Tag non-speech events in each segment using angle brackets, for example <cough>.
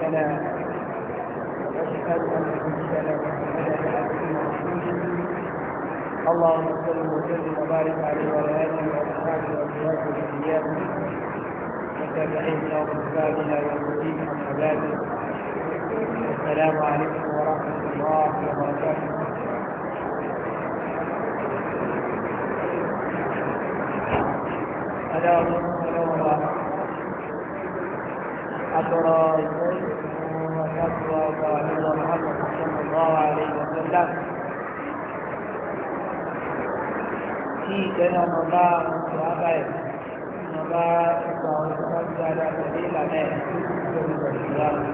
لنا واشهد ان سيدنا محمدا عبده ورسوله اللهم صل وسلم وبارك عليه وعلى اله واصحابه وازواجه وذرياته والتابعين لهم باحسان الى يوم الدين اما بعد السلام عليكم ورحمه الله وبركاته ألا أظن أن الله أدرى والتقوى وهو محمد صلى الله عليه وسلم tí ìtẹ́nà ọmọ bá ìwábà ẹ̀ ọmọ bá ìgbà àwọn ìgbàgbọ́ dáadáa pẹ̀lú ìlànà ẹ̀ lórí ìgbàgbọ́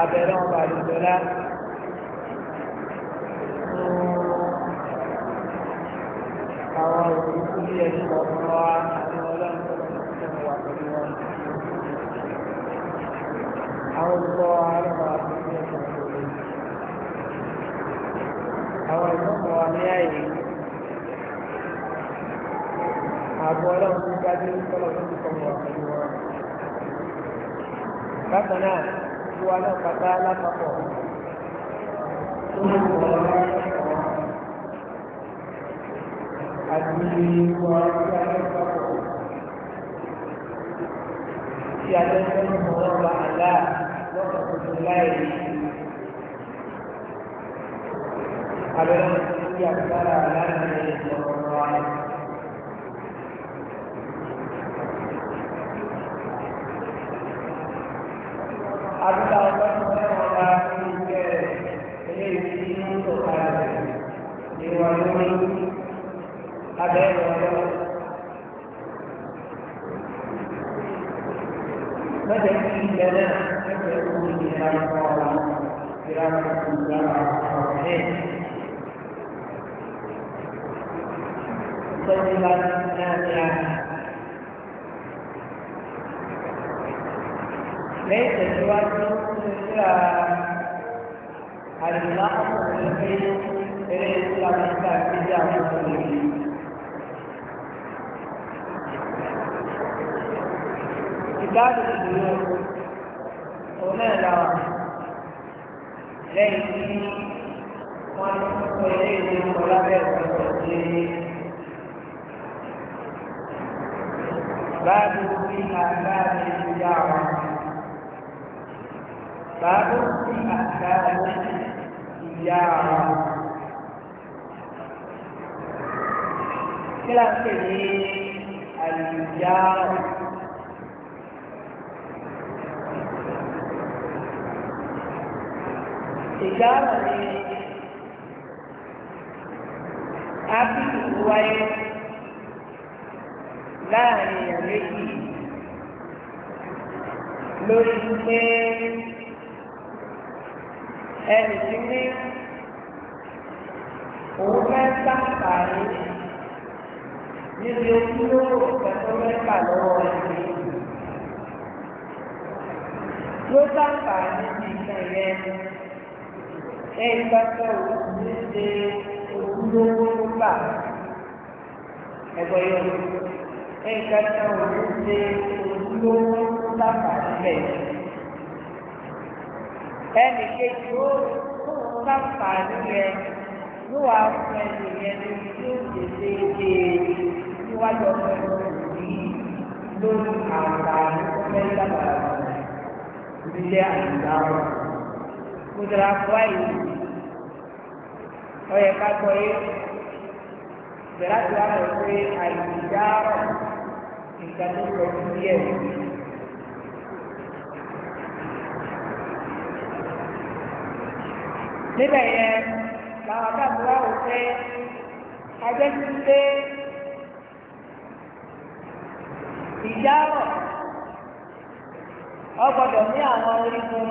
abẹ́rẹ́ ọba àdúgbòlá àwọn òkú bí ẹni kọ̀ọ̀kan wá àwọn tọ́lọ̀ tó ti sọ̀rọ̀ pẹ̀lú wọn. bákan náà tí wa náà pátá lápapọ̀ tó ń bọ̀ ọ́ àti wa tí a náà papọ̀ tí a náà tẹ́lẹ̀ mọ́ wọn wà àlá lọ́kàn tuntun láì abẹ́rẹ́ tí a bá rà láàrin ẹ̀jẹ̀ wọn. ìgbádùn ìdúró òun náà la wà lẹ́yìn tí wọ́n ti kọ́ ilé ìwé ìkọ́ lábẹ́ ìwọ̀n ìwé báàbù sí àgbáàbù ìdíjà wa báàbù sí àgbáàbù ìdíjà wa. Kí la ń pè ìgbàlá ni ábíkù wáyé láàrin èèyàn méjì lórí pé ẹnì tí ní òun fẹ́ sàǹfààní níbi ojúlówó ìfẹ́tọ́ mẹ́fà lọ́wọ́ ẹ̀mí. ló sàǹfààní ti ìtàn yẹn ẹ̀yìn bá tẹ̀ ò ní ṣe ojúlówó ló bà ẹ̀gbọ́n yọ ẹ̀yìn bá tẹ̀ ò ní ṣe ojúlówó ló bà bà sílẹ̀ ẹnì kejì ó kó láǹfà nílẹ̀ ló wà fún ẹnì yẹn ní tí ó ṣe déédéé níwájú ọmọ ẹgbẹ́ òbí lórí àǹfààní tó fẹ́ lábàá ìdílé àìdáwọ̀ gbọdọ̀ afọ àyè ọyẹ kakọ yẹ bẹ̀rẹ̀ àti wà lọ pé àìsíjárọ̀ nǹkan tó sọ fún yẹ. níbẹ̀ yẹn làwọn àtàkùrọ̀ wò pé ajẹ́sí pé ìjárọ̀ ọgbọ́dọ̀ ní àwọn orígun.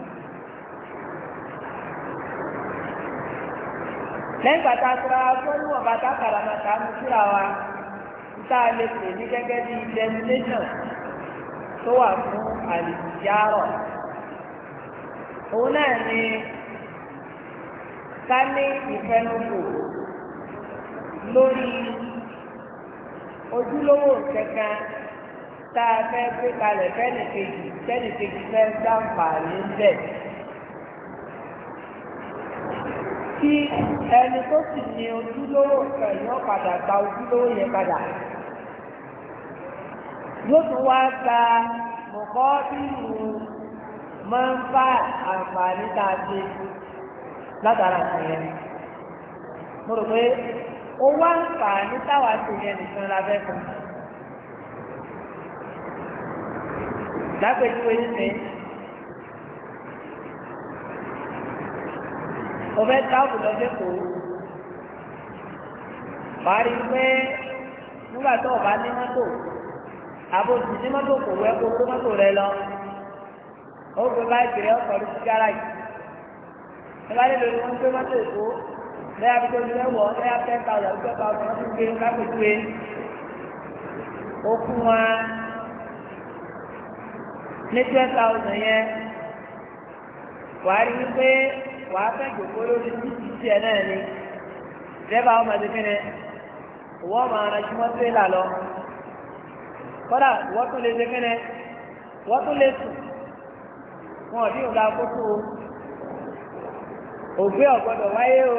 lẹ́yìn bàtà sọ́ra fọ́nùwọ̀n bàtà kàràmàtà mú síra wa tá a lè pè ní gẹ́gẹ́ bí ilẹ̀mínéṣàn tó wà fún àlìjáàrọ̀ òun náà ni ká ní ìfẹnukò lórí ojúlówó kankan tá a fẹ́ gbé kalẹ̀ fẹ́nìkejì fẹ́nìkejì fẹ́ dáǹfà ní bẹ́ẹ̀. tí ẹni tó sì ní ojúlówó ẹ̀yọ́ padà gba ojúlówó yẹn padà yóò tún wá gba mọ̀kọ́ ìlú máa ń fa àǹfààní tá a ṣe látara mo rò pé owó àǹfààní táwa ṣe yẹn nìkan la fẹ́ fún un. lápẹjúwe ní sẹ́yìn. ọfẹ táàbù lọsẹkọọ parí pé nígbà tó ọba ní mọ́tò àbòsí ní mọ́tò kò wẹ kó kó mọ́tò rẹ lọ ó gbé báyìí rẹ ọkọ ló ti gáràjì nígbà tó lórí wọn gbé mọ́tò èkó lẹ́yà tó lórí ẹwọ lẹ́yà tẹ tàwọn ọdún tó tàwọn ọdún gbé e lápẹjúwe ó fún wa ní twelve thousand yẹn wàá rí i pé wàá fẹ́ jòkó lórí títí tí ẹ náà ni dẹ́bà ọmọ ti kíni wọ́n máa ran ṣí wọ́n tírélà lọ kọ́dà wọ́n tún lè ṣe kíni wọ́n tún lè sùn wọn ò dín òun lákòókò ògbé ọ̀gbọ́dọ̀ wáyé o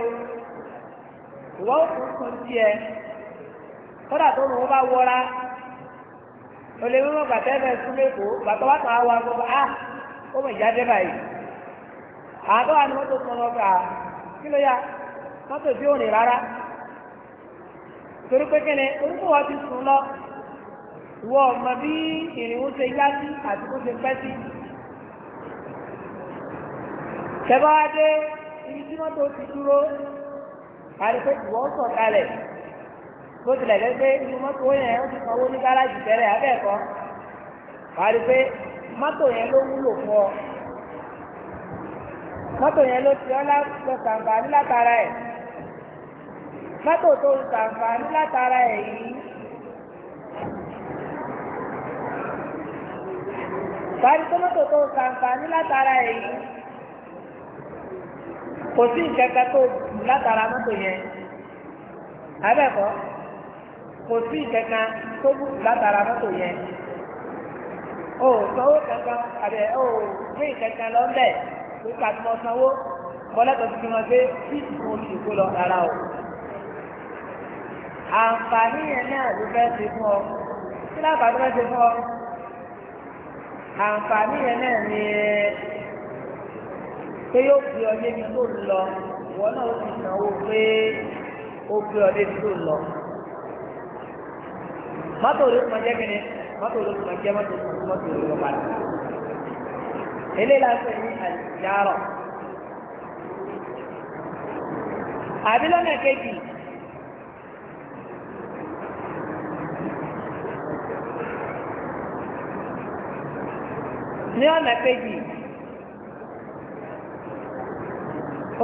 ìwọ́n ò tún tiẹ̀ kọ́dà tó ń wọ́n bá wọra olè mímọ́ bàtẹ́ fẹ́ sún lẹ́kọ̀ọ́ wà tó àwọn agbọ́ bá ah, a ó mọ̀ ìjà dẹ́bà yìí. àádọ́ àni mọ́tò tó lọ gbà kí ló yá mọ́tò rìn rárá torí pé kẹ́lẹ́ orúkọ wa ti sùn lọ ìwọ ọmọ bí ìrìnwó ṣe yá sí àti bó ṣe pẹ́ sí. tẹ́bá wá ibi tí mọ́tò ti dúró sọ̀ kalẹ̀ bó tilẹ̀ pé mọ́tò yẹn ó ti sanwó ní gáràjì tẹ́lẹ̀ abẹ́ẹ̀kọ́ mọ́tò mọ́tò yẹn ló ti ọ́ lọ sàǹfààní látara ẹ̀ mọ́tò tó sàǹfààní látara ẹ̀ yìí parí tó mọ́tò tó sàǹfààní látara ẹ̀ yìí kò sí ìkẹta tó látara látara mọ́tò yẹn o kankan àbẹ̀ nípa tí wọ́n sanwó kọ́lẹ́tọ̀ ti fi wọn pé tí ìfún oṣù kó lọ rárá o. àǹfààní yẹn náà ló fẹ́ ṣe fún ọ kí láǹfààní fẹ́ ṣe fún ọ. àǹfààní yẹn náà ni pé yóò fi ọ débi tó lọ ìwọ náà ó ti sanwó pé ó fi ọ tó lọ. mọ́tò ló ti mọ jẹ́ kí mọ́tò ló ti mọ jẹ́ mọ́tò ló ti mọ́tò ló ti mọ eléyìí láti ní àlùyárọ̀ àbí lọ́nà kejì ní ọ̀nà kejì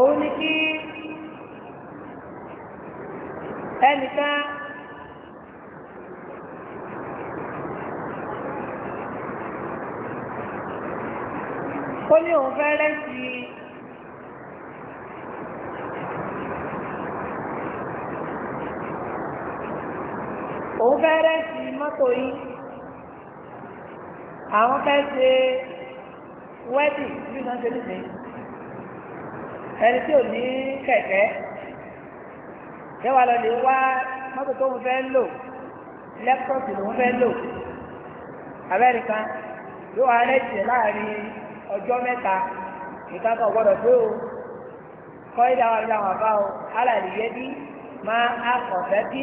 òun ni kí ẹnìkan. ní òun fẹ́ rẹ́sì òun fẹ́ rẹ́sì mọ́tò yìí àwọn fẹ́ ṣe wẹ́dì bí wọ́n ṣe nìyẹn ẹni tí ò ní kẹ̀kẹ́ yẹ́wà lọ lè wá mọ́tò tó ń fẹ́ lò lẹ́pọ̀tì ló ń fẹ́ lò abẹ́rìkan yóò wá rẹ́sì láàrin ọjọ́ mẹ́ta nìkan kan gbọ́dọ̀ o kọ́ ìdá wa ní àwọn àbá o alàlì yẹ bí máa akọ̀fẹ́ bí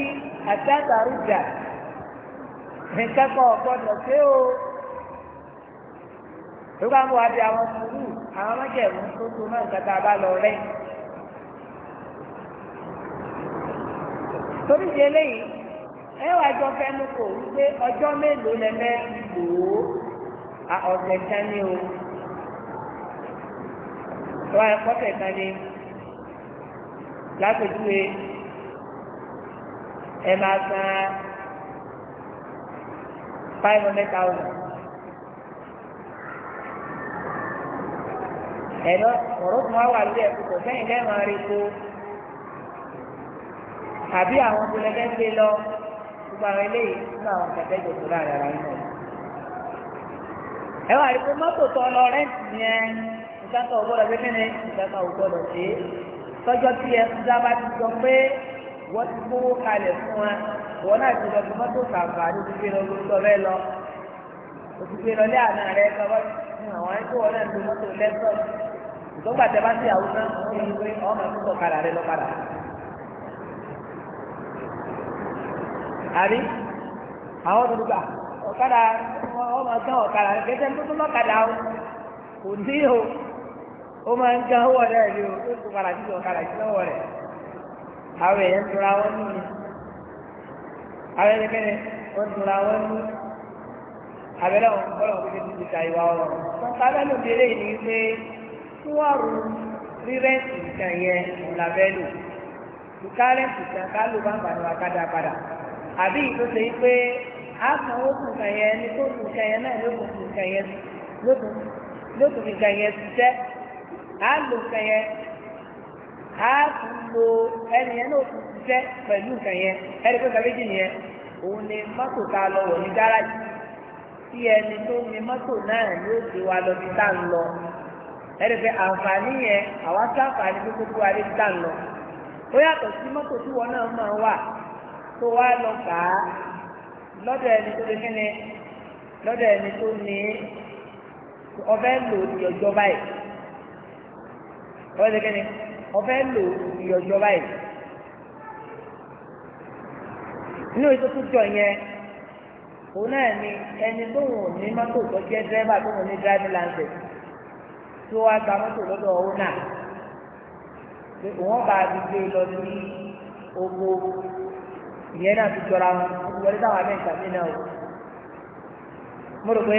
àtàtàrújà nìkan kan gbọ́dọ̀ pé o tó bá ń bọ̀ adé àwọn sùúrù àwọn májẹ̀mú tó tó náà nǹkan tá a bá lọ rẹ̀. torí di eléyìí ẹ wàá jọ fẹnu kò wípé ọjọ́ mélòó lẹ fẹ́ lò ó ọ̀sẹ̀ o wọ́n ẹ̀kọ́ kẹta ni lápẹ̀júwe ẹ máa san five hundred thousand. ẹ̀rọ ọ̀rọ̀ tó wá wà lórí ẹ̀kọ́ sẹ́yìn lẹ́wọ̀n ariwo àbí àwọn tó lẹ́gbẹ́ gbé lọ gbogbo àwọn eléyìí nínú àwọn kẹ̀kẹ́ ìjọba ara rẹ̀ náà. ẹ̀wọ̀n ariwo mọ́tò tó lọ rẹ́ǹtì yẹn. nǹkan kan ò gbọ́dọ̀ pé ṣe é tọ́jọ́ tí ẹ ti dá bá ti sọ pé wọ́n ti kówó kalẹ̀ fún wa wọ́n náà ti lọ mọ́tò ní gbígbé lọ lọ bẹ́ẹ̀ lọ lọ lé àná rẹ lọ́wọ́ fún àwọn náà ti mọ́tò tẹ bá ti àwọn náà ó máa ń gán wọ̀ o padà sí ọ̀kadà sí lọ́wọ́ rẹ̀ àwọn èèyàn ń tura wọn nínú àwọn ó ń tura wọn nínú abẹ́rẹ́ wọn bọ́lọ̀ kó tètè ti ta ìwà ọ̀rọ̀ sọ́kà bẹ́ẹ̀ ló délé ní pé kí wọ́n rú rírẹ́ǹtì nìkan yẹn ọ̀la ìkárẹ́ǹtì kan ká ló bá ń padà àbí ìtòsè pé a ó kù á lò nǹkan yẹn á tún lo ẹni yẹn náà tún ṣiṣẹ́ pẹ̀lú nǹkan yẹn ẹni pé kàméjì nìyẹn òun ni mọ́tò ta lọ wọ̀ ní gáràjì tí ẹni tó ní mọ́tò náà yóò gbé wa lọ bí tá n lọ ẹni pé àǹfààní yẹn àwa sáǹfààní tó gbogbo wa lè tá lọ ó yàtọ̀ sí mọ́tò tí wọn náà máa wà tó wá lọ gbà á wọ́n ṣe kíni wọ́n fẹ́ lò ìyọ̀jọ́ báyìí inú ètò tó jọ yẹn òun náà ni ẹni tó wù ní mọ́tò tó jẹ́ tó wù ní tó wá gba mọ́tò lọ́dọ̀ náà pé òun e lọ sí ìyẹn náà ti jọra wọn wọlé táwọn náà o mo rò pé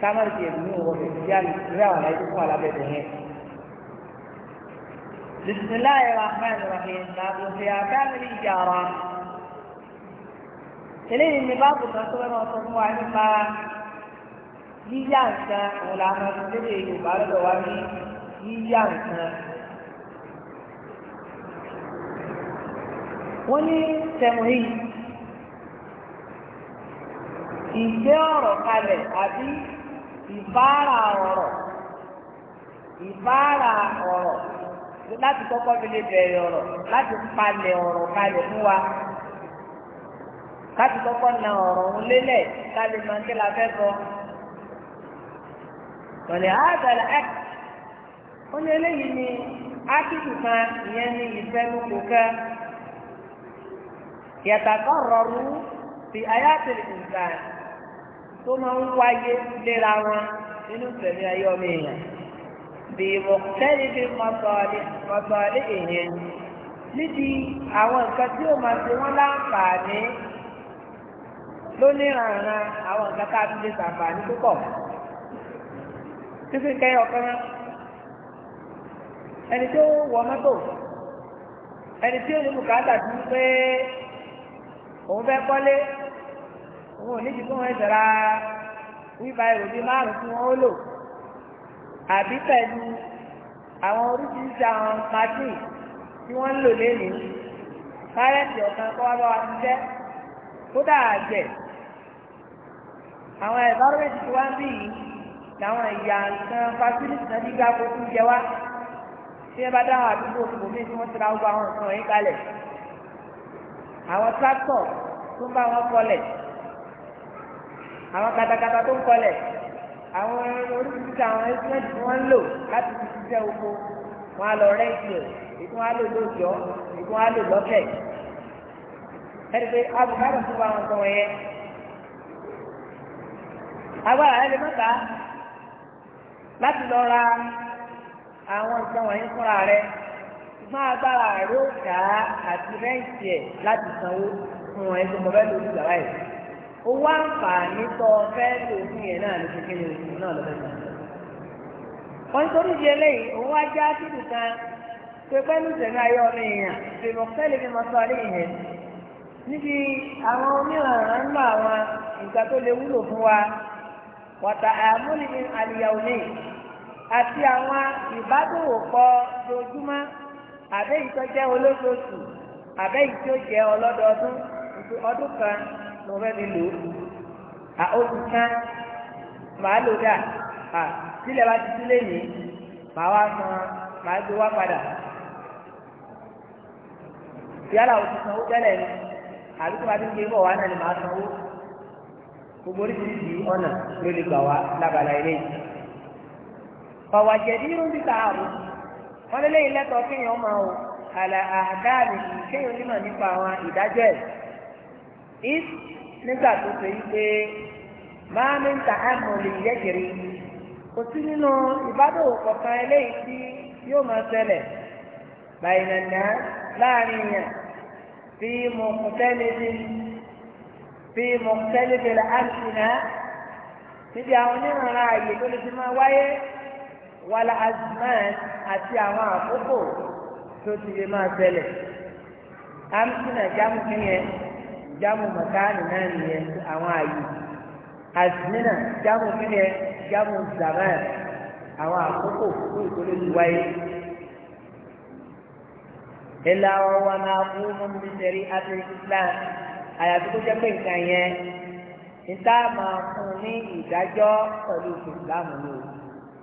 kámẹ́rì tiẹ̀ ní fún بسم الله الرحمن الرحيم باب في أركان الإجارة eléyìí ni báàbù kan tó lọ́nà ọ̀sán fún wa nípa yíyá nǹkan òun là máa fi lédè yorùbá lọ́dọ̀ wa ní yíyá nǹkan. wọ́n ní tẹ̀wọ̀n yìí ìgbé ọ̀rọ̀ kalẹ̀ àbí ìbára ọ̀rọ̀ ìbára ọ̀rọ̀ láti kọ́kọ́ fi lè bẹ̀rẹ̀ ọ̀rọ̀ láti palẹ̀ ọ̀rọ̀ kalẹ̀ fún wa láti kọ́kọ́ na ọ̀rọ̀ ń lélẹ̀ kálí máa ń kí la fẹ́ sọ. Tọ̀lẹ̀ á bẹ̀rẹ̀ ẹ̀ ó ní eléyìí ni ákìtì kan ìyẹn ní ìfẹ́ lóko kẹ́. Yàtàkọ́ rọrú fi ayáàtìlì nǹkan tó máa ń wáyé léra wọn nínú ìfẹ̀mí ayé ọmọ èèyàn bìmọ̀tẹ́lì bí mọ̀tọ́lì èèyàn níbi àwọn nǹkan tí ó máa ṣe wọ́n láǹfààní ló ní ràǹràn àwọn nǹkan tá a ti lè ṣàǹfààní púpọ̀ títí kẹyọ kan ẹni tó wọ mọ́tò ẹni tí ó ní bùkátà sí pé òun fẹ́ kọ́lé òun ò ní jù kí wọ́n ṣẹ̀ra wíwá èrò márùn-ún tí wọ́n ó lò àbí pẹ̀lú àwọn oríṣiríṣi àwọn pàtì tí wọ́n ń lò lẹ́nu párẹ́ǹtì ọ̀kan kọ́ wá bá wa ṣiṣẹ́ kódà àgbẹ̀ àwọn environment tí wọ́n ń bì yìí làwọn ìyá nǹkan facility náà nígbà kó tún jẹ wá tí wọ́n bá dáhùn àdúgbò òkùnkùn míì tí wọ́n ti ra gbogbo àwọn nǹkan yìí kalẹ̀ àwọn tractor tó ń bá wọn kọlẹ̀ àwọn katakata tó ń kọlẹ̀ àwọn oríṣiríṣi àwọn instrument tí wọ́n ń lò láti fi ṣiṣẹ́ oko wọn á lọ rẹ́ǹtì ẹ̀ èyí tí wọ́n á lò lóòjọ́ èyí tí wọ́n á lò lọ́fẹ̀. ẹni pé abùkátà tó bá wọn sọ wọn yẹn agbára ẹni mọ́ta láti lọ ra àwọn nǹkan wọ̀nyí fúnra rẹ̀ ṣùgbọ́n agbára rẹ̀ àti rẹ́ǹtì ẹ̀ láti sanwó fún ẹ̀ tó mọ̀ bẹ́ẹ̀ lórí ìgbà báyìí. owó o fẹ́ lò fún yẹn náà ló ti kí ni náà lọ́dọ̀ náà. wọ́n tó ní di eléyìí òun ajá títù kan pé pẹ́lú ìṣẹ̀lẹ̀ ayé ọmọ èèyàn fèmọ̀ pẹ́lú fi máa sọ alẹ́ yẹn níbi àwọn onírànràn ń lọ àwọn nǹkan tó lè wúlò fún wa wàtà àmúlì àlìyàwó àti àwọn lójúmọ́ àbẹ́yìí tó jẹ́ olóṣooṣù kan mo fẹ́ fi lò ó à ó ti tán màá lò dà à sílẹ̀ bá ti sílẹ̀ yìí màá wá san màá gbé wá padà yálà ti sanwó tẹ́lẹ̀ ni àbí tó bá ti ń gbé bọ̀ wá náà ni màá sanwó gbogbo oríṣiríṣi ọ̀nà ló lè gbà wá lábala ilé yìí. jẹ̀dí irun is nígbà tó ṣe yí pé máa mi ń ta àmọ̀lì yẹ́kiri kò sí nínú ìbádòwò kọ̀ọ̀kan eléyìí tí yóò máa ṣẹlẹ̀ bàyìnàná láàrin fi mọ̀kútẹ́lẹ́bí fi la àṣìná níbi àwọn onírànlá ààyè tó lè fi máa wáyé wàlá azman àti àwọn àkókò tó ti lè máa ṣẹlẹ̀ jáàmù mọ̀káàlì náà nìyẹn àwọn ààyè àtìmínà jáàmù kílẹ̀ jáàmù zaman àwọn àkókò fún ìkólé ti wáyé. ìlà ọ̀wà máa kú mọ́ mi sẹ́rí áfíríkà àyàfi kó jẹ́ pé nǹkan yẹn níta máa fún ní ìdájọ́ pẹ̀lú ìsìláàmù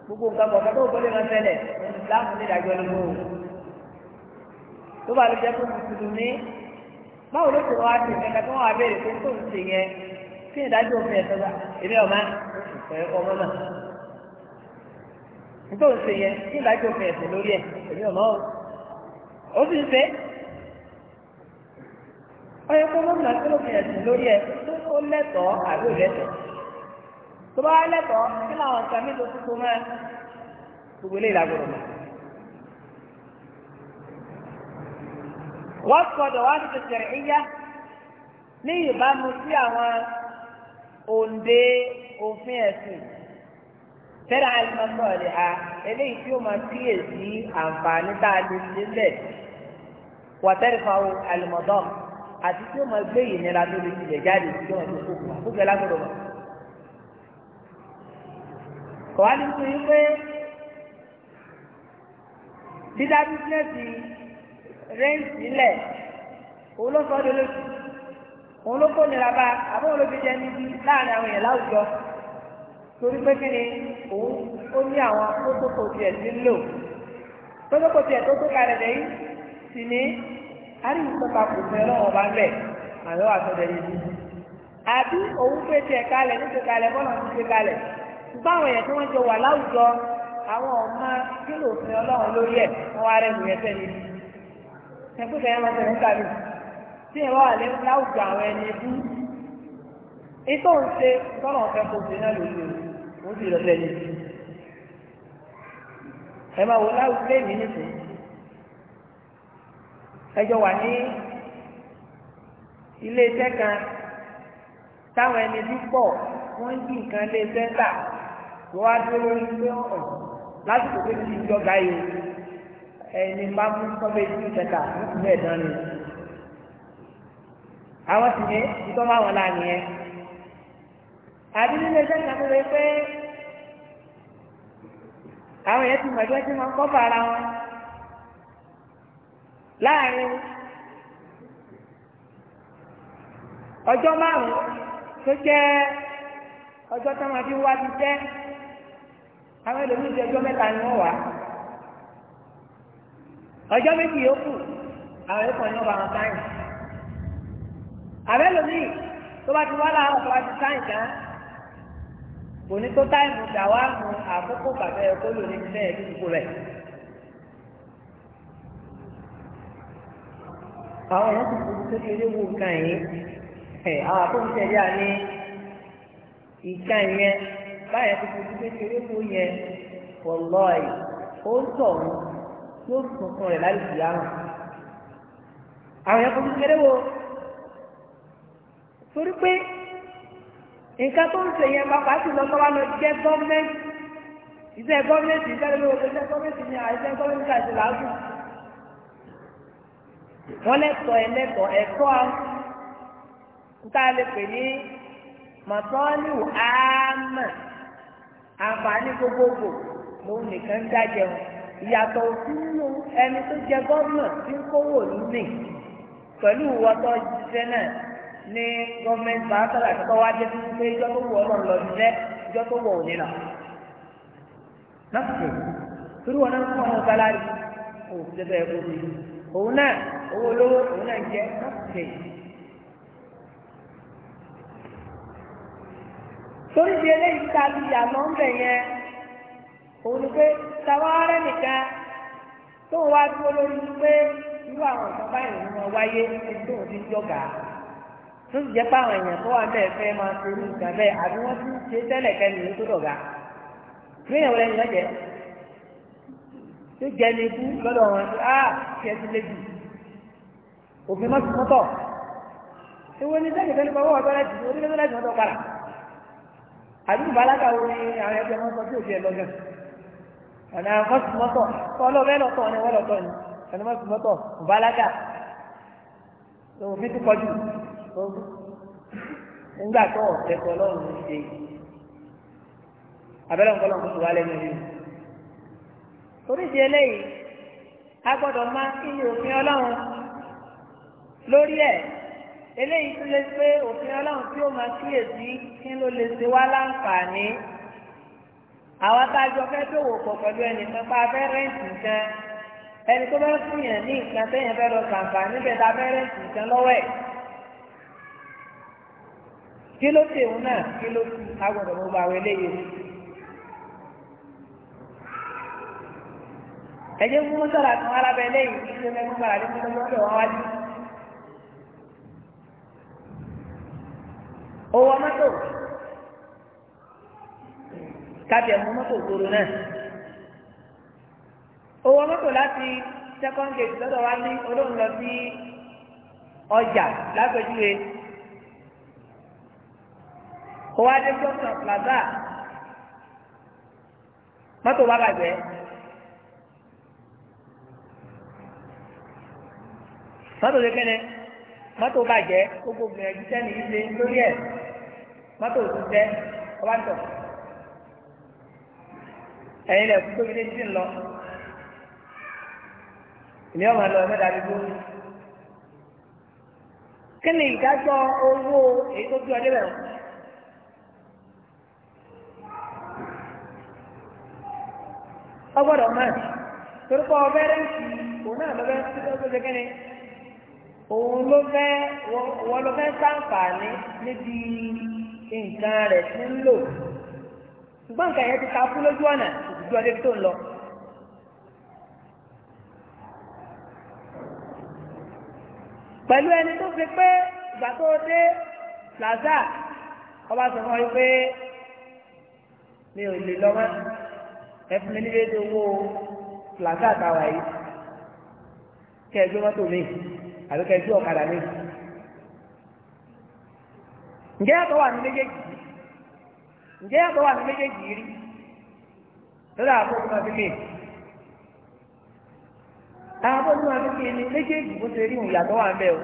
ni gbogbo nǹkan kọ̀ọ̀kan tó gbọ́dọ̀ máa fẹ́lẹ̀ ìsìláàmù ní ìdájọ́ ni o tó bá lè jẹ́ báwo ló ti wá sí ẹ̀ka tó wà béèrè pé tó ń ṣe yẹn kí ìdájọ́ òfin ẹ̀ sọ́gbà èmi ọ̀ma ẹ̀ ọmọ náà tó ń ṣe yẹn kí ìdájọ́ òfin ẹ̀ sọ lórí ẹ̀ èmi ọ̀ma ọ̀ ó sì ń ṣe ọ kó mọ́mí náà tó fi ẹ̀sìn lórí ẹ̀ tó lẹ́tọ̀ọ́ àbí ò lẹ́tọ̀ọ́ tó bá lẹ́tọ̀ọ́ kí làwọn nǹkan mi tó tuntun mọ́ gbogbo eléyìí lágbọ̀dọ̀ mọ́. wọ́n sọ dọ̀wádìí tó ṣẹ̀rẹ̀ yíyá ní ìbámu sí àwọn òǹdè òfin ẹ̀sìn fẹ́rẹ̀ àìmọ́tò ọ̀lẹ́ ha eléyìí tí ó máa kíyèsí àǹfààní tá a lè nílẹ̀ wàtẹ́rìfà àlùmọ̀dọ́m àti tí ó máa gbé ìnira tó lè tilẹ̀ jáde tí wọ́n ti kó kù àkókò lágbọ̀dọ̀ wọn. kọ̀wá ní kú yín pé dídá bísíǹnẹ́sì rẹ́ǹtì lẹ̀ òun ló sọ de lóṣù òun ló kó nira bá ló fi jẹ níbi láàrin àwọn èèyàn láwùjọ torí pé kí ni òun ó ní àwọn kótópò tiẹ̀ ti ń lò tiẹ̀ tó tó kalẹ̀ lẹ́yìn sì ní kò fẹ́ lọ́wọ́ bá ń bẹ̀ àlọ́ àtọ̀dẹ̀ yìí àbí òun pé tiẹ̀ kalẹ̀ ní ti kalẹ̀ bọ́lá ti ti kalẹ̀ èèyàn tí wọ́n jọ wà láwùjọ àwọn ọ̀ma kí ló fẹ́ ẹgbẹ́ kan yẹn máa tẹ̀lé nígbà mi tí ẹ wá lé láwùjọ àwọn ẹni ẹbí ètò ń ṣe tọ́nà ọ̀fẹ́ kò sí náà lòdì òun sì lọ́sẹ̀ ní ti ẹ máa wò láwùjọ èmi nìkan ẹjọ wà ní ilé iṣẹ́ kan táwọn ẹni bí pọ̀ wọ́n ń dín nǹkan ilé iṣẹ́ ń tà wọ́n á dúró lórí pé ọ̀hún lásìkò pé kì í jọba yìí ẹni ni àwọn sì ní ìtọ́ máa wọn láàyè yẹn àbí nínú ẹgbẹ́ ìtàkùn rẹ pé àwọn èèyàn ti mọ̀ ẹgbẹ́ tí wọ́n kọ́ bá ara wọn láàrin ọjọ́ márùn-ún tó jẹ́ ọjọ́ tó máa fi wá ti jẹ́ àwọn ti ọjọ́ mẹ́ta ni wọ́n wà á. ọjọ́ méjì yòókù àwọn yòókù ọ̀nà ọba àwọn sáyìn àbẹ́ lòmíì tó bá ti wá láàárọ̀ tó bá ti sáyìn kan kò ní tó táìmù dà wá mu àkókò bàbá ẹ̀ kó lò ní ilé ẹ̀ dúdú rẹ̀. àwọn èèyàn ti fojú tó kéré wo nǹkan yìí àwọn àkóńtẹ̀ yà ní ìka yẹn báyẹn ti tó kéré wo yẹn wọ́n lọ́ọ̀ ó ń tọ̀ wọ́n yóò sọ̀tàn rẹ̀ láì sí àrùn àwọn ẹ̀kọ́ kékeré wo torí pé nǹkan tó ń ṣe yẹn bàbá sì lọ sọ́wọ́ lọ jẹ́ gọ́ọ̀mẹ́ntì iṣẹ́ gọ́ọ̀mẹ́ntì iṣẹ́ lórí owó iṣẹ́ gọ́ọ̀mẹ́ntì ni àìṣẹ́ gọ́ọ̀mẹ́ntì àti làágùn wọ́n lẹ́tọ̀ọ́ ẹlẹ́tọ̀ọ́ ẹ̀kọ́ nta lè pè ní mọ̀tọ́lù àmà àǹfààní gbogbogbò mo nìkan dájẹun ìyàtọ̀ òsínú ẹni tó jẹ gọ́ọ̀nà tí ń kówó nílé pẹ̀lú ìwọ́tọ̀ jíṣẹ́ náà ní gọ́ọ̀mẹ̀ntì bàtàlà tó wá jẹ́ fún pé ìjọ tó wù ọ́ lọ jíṣẹ́ ìjọ tó wọ̀ òní nà. lásìkò torí wọn náà ń fún ọmọ sálárì òun ti bẹ́ẹ̀ kó bí òun náà owó olówó òun náà jẹ́ lásìkò. torí di eléyìí tá a ti yà lọ́ńbẹ̀ yẹn òun ni pé tawárẹ́ nìkan tó ń wá dúró lórí pé irú àwọn nǹkan báyìí ni wọ́n wáyé tó ń fi jọ̀gà tó sì jẹ́ pé àwọn èèyàn tó wà bẹ́ẹ̀ fẹ́ máa torí nǹkan bẹ́ẹ̀ àbí wọ́n ti ń ṣe tẹ́lẹ̀ kẹ́ni ló tó dọ̀gà gbéyàwó lẹ́yìn lọ́jẹ́ tó jẹ́ ní ikú lọ́dọ̀ wọn pé á kí ẹ ti lé jù òfin má ti mọ́tọ̀ ewu ni sẹ́yìn tẹ́lẹ̀ pọ̀ wọ́n tọ́lẹ̀ tì onílé tọ́lẹ̀ tì wọ́n tọ́ padà àdúgbò alága wo ni àwọn ẹgbẹ́ wọn sọ tí òfin ẹ̀ lọ́gàn ọ̀nà mọ́tò ọlọ́ọ̀bẹ lọ́tọ̀ ni wọ́n lọ́tọ̀ ni ọ̀nà mọ́tò balaga òfin tó kọjú nígbà tó ọ̀tẹ̀ tó ọlọ́run ń ṣe abẹ́rẹ́ nǹkan lọ́kùnrin tó wà lẹ́nu rí oríṣi eléyìí a gbọ́dọ̀ máa kí òfin ọlọ́run lórí ẹ̀ eléyìí tó lè pé òfin ọlọ́run tí ó máa kíyèsí kí ló lè ṣe wá láǹfààní. àwọn adájọ́ fẹ́ dòwò pọ̀ pẹ̀lú ẹnìkan pa fẹ́ rẹ́ǹtì ẹni tó fẹ́ fún yẹn ní nǹkan téèyàn fẹ́ lọ kàǹfà níbẹ̀ ta fẹ́ rẹ́ǹtì lọ́wọ́ ẹ̀ kí ló òun náà kí ló agbọ̀dọ̀ eléyìí ẹ̀jẹ̀ kan alábẹ́ eléyìí kí ló káàtì ẹ̀mú mọ́tò òkúru náà owó mọ́tò láti second gate lọ́dọ̀ wa ní olóhùn lọ sí ọjà lápẹjúwe owó adé gbọ́sọ̀ plaza mọ́tò bá bàjẹ́. mọ́tò lè kẹ́lẹ́ mọ́tò bàjẹ́ gbogbo gbìyànjú sẹ́ni yìí ṣe lórí ẹ̀ mọ́tò òṣìṣẹ́ ọba tọ̀ ẹ̀yin lẹ̀ kú tóbi létí ńlọ ìní ọmọ lọ ẹ̀mẹ́ta dúdú kí ni ìdájọ́ owó èyí tó bí ọdẹ bẹ̀rù. ọgbọdọ máa torúkọ ọbẹ̀ rẹ̀ sí òun náà lọ́bẹ̀ tó ṣe kẹ́ni òun ló fẹ́ wọ́n ló fẹ́ sàǹfààní níbi nǹkan rẹ̀ tí ń lò ṣùgbọ́n yẹn ti ta ju ọdẹ tó ń lọ. pẹ̀lú ẹni tó fi pé ìgbà tó dé plaza ọba sọ fún ọ pé mi ò lè lọ mọ́ ẹ fún mi ní ilé owó plaza àtàwà yìí kẹ́ ẹ gbé mọ́tò mi àbí kẹ́ ẹ gbé ọ̀kadà mi. ǹjẹ́ àtọ́wà ní méjèèjì ǹjẹ́ àtọ́wà ní méjèèjì rí lọ́dọ̀ àbójú máa fi kéè àbójú máa fi kéè ni méjèèjì bó ṣe rí òun yàtọ̀ wà ń bẹ̀ o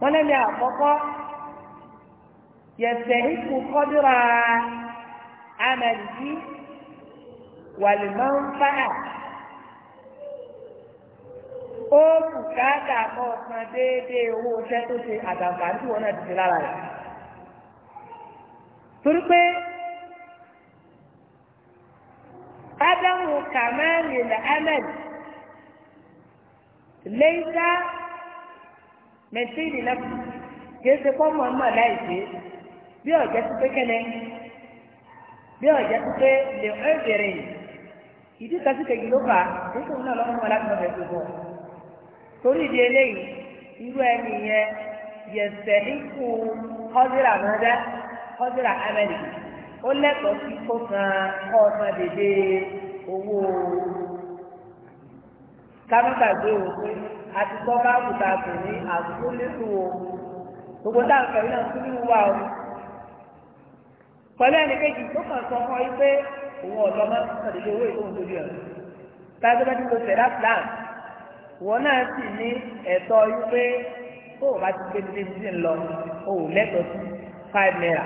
wọ́n lẹ́nu àkọ́kọ́ yẹ̀sẹ̀ ikú kọ́dúrà amẹ̀lìdí wàlìmọ́nfà ó bùkátà kọ́ ọ̀sán déédéé owó iṣẹ́ tó ṣe àtàǹfà tí wọ́n náà ti ṣe lára rẹ̀ torí pé. عدم كمال الأمل ليس من سيد نفسه jésù kọ́ mọ̀ mọ̀ láìsí bí ọ̀jẹ́ tó pé kẹ́lẹ́ bí ọ̀jẹ́ tó pé lè ọ́ bẹ̀rẹ̀ ìdí kásí kejì ló fà jésù náà lọ́wọ́ ó lẹ́tọ̀ọ́ sí kó kan kọ́ ọmọ dèdè owó kámẹ́gbàgbé òkú àti kọ́ báàbù tá a kò ní àbúrò lẹ́sùn o gbogbo táwọn fẹ̀rí náà tún ní wà o pẹ̀lú ẹni kejì tó kàn sọ fún ọ yìí pé òun ọ̀dọ́ máa ń sàn dèdè owó ìkóhùn tó di ọ̀rọ̀ táwọn bá ti lo sẹ̀dá plan wọn náà sì ní ẹ̀tọ́ yìí pé tó o bá ti gbé dèdè sí ń lọ o ò lẹ́tọ̀ọ́ sí five naira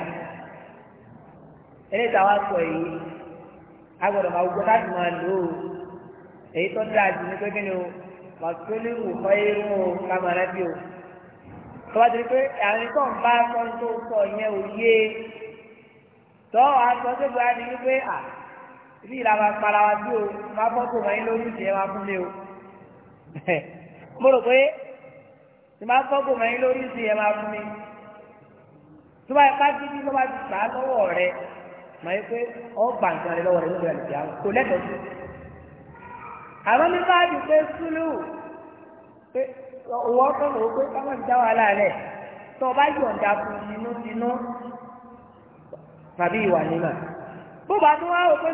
eléyìí tá a wá sọ yìí a gbọ́dọ̀ máa gbọ́ láti máa lò ó èyí tó dáa jù ní pé kí ni o màtúlì wù kọ́ irun o kámẹ́rẹ́ bí o tó bá ti rí pé àárín tó ń bá sọ tó sọ yẹn ò yé tọ́ aṣọ tó bá di wípé à ibi ìlà máa para wa bí o máa bọ́ tó wọ́n yín lórí ìṣẹ́ wa fún mi o <laughs> mo rò pé tí máa bọ́ tó wọ́n yín lórí ìṣẹ́ wa fún mi tó bá yẹ ká dídí ló bá ti gbà á lọ́wọ́ rẹ̀. máa yẹ ọ gbà nǹkan rẹ lọ́wọ́ rẹ ló bẹ̀rẹ̀ nìyà kò lẹ́tọ̀ọ́ sí. àwọn ní báàbí pé súlù pé òwò ọkọ òwò pé káwọn ti dá wàhálà rẹ tó bá yọ̀ǹda fún inú tàbí ìwà bó bá tún wá wò pé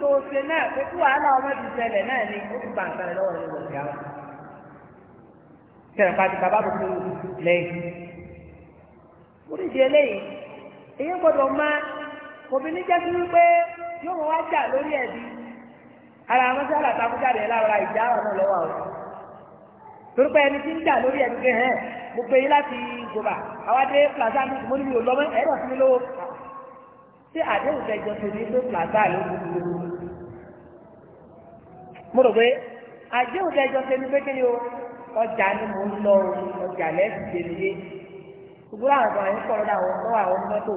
tó o ṣe náà pé kí wàhálà ọmọ ti ṣẹlẹ̀ náà ni ó ti nǹkan rẹ lọ́wọ́ rẹ ló ti bàbá oríṣi obìnrin jẹ́ sí wípé yóò wọ́n wá jà lórí ẹ̀bí ara àwọn sọ́ọ́lá takújáde lára ìjà ọ̀nà lọ́wọ́ ọ̀rọ̀ torí pé ẹni tí ń jà lórí ẹ̀bí gẹ̀hẹ́ mo pe yín láti ìjọba àwa dé plaza mi mo ní mi ò lọ́mọ ẹ̀rọ sí mi lówó ṣé àdéhùn kẹjọ tó ní pé plaza ló ń gbogbo mo rò pé àdéhùn kẹjọ tó ní pé kí ni o ọjà ni mo ń lọ ọjà lẹ́sìn tèmi yé gbogbo àwọn àgbà yẹn kọ̀ lọ́dọ̀ àwọn ọmọ àwọn mọ́tò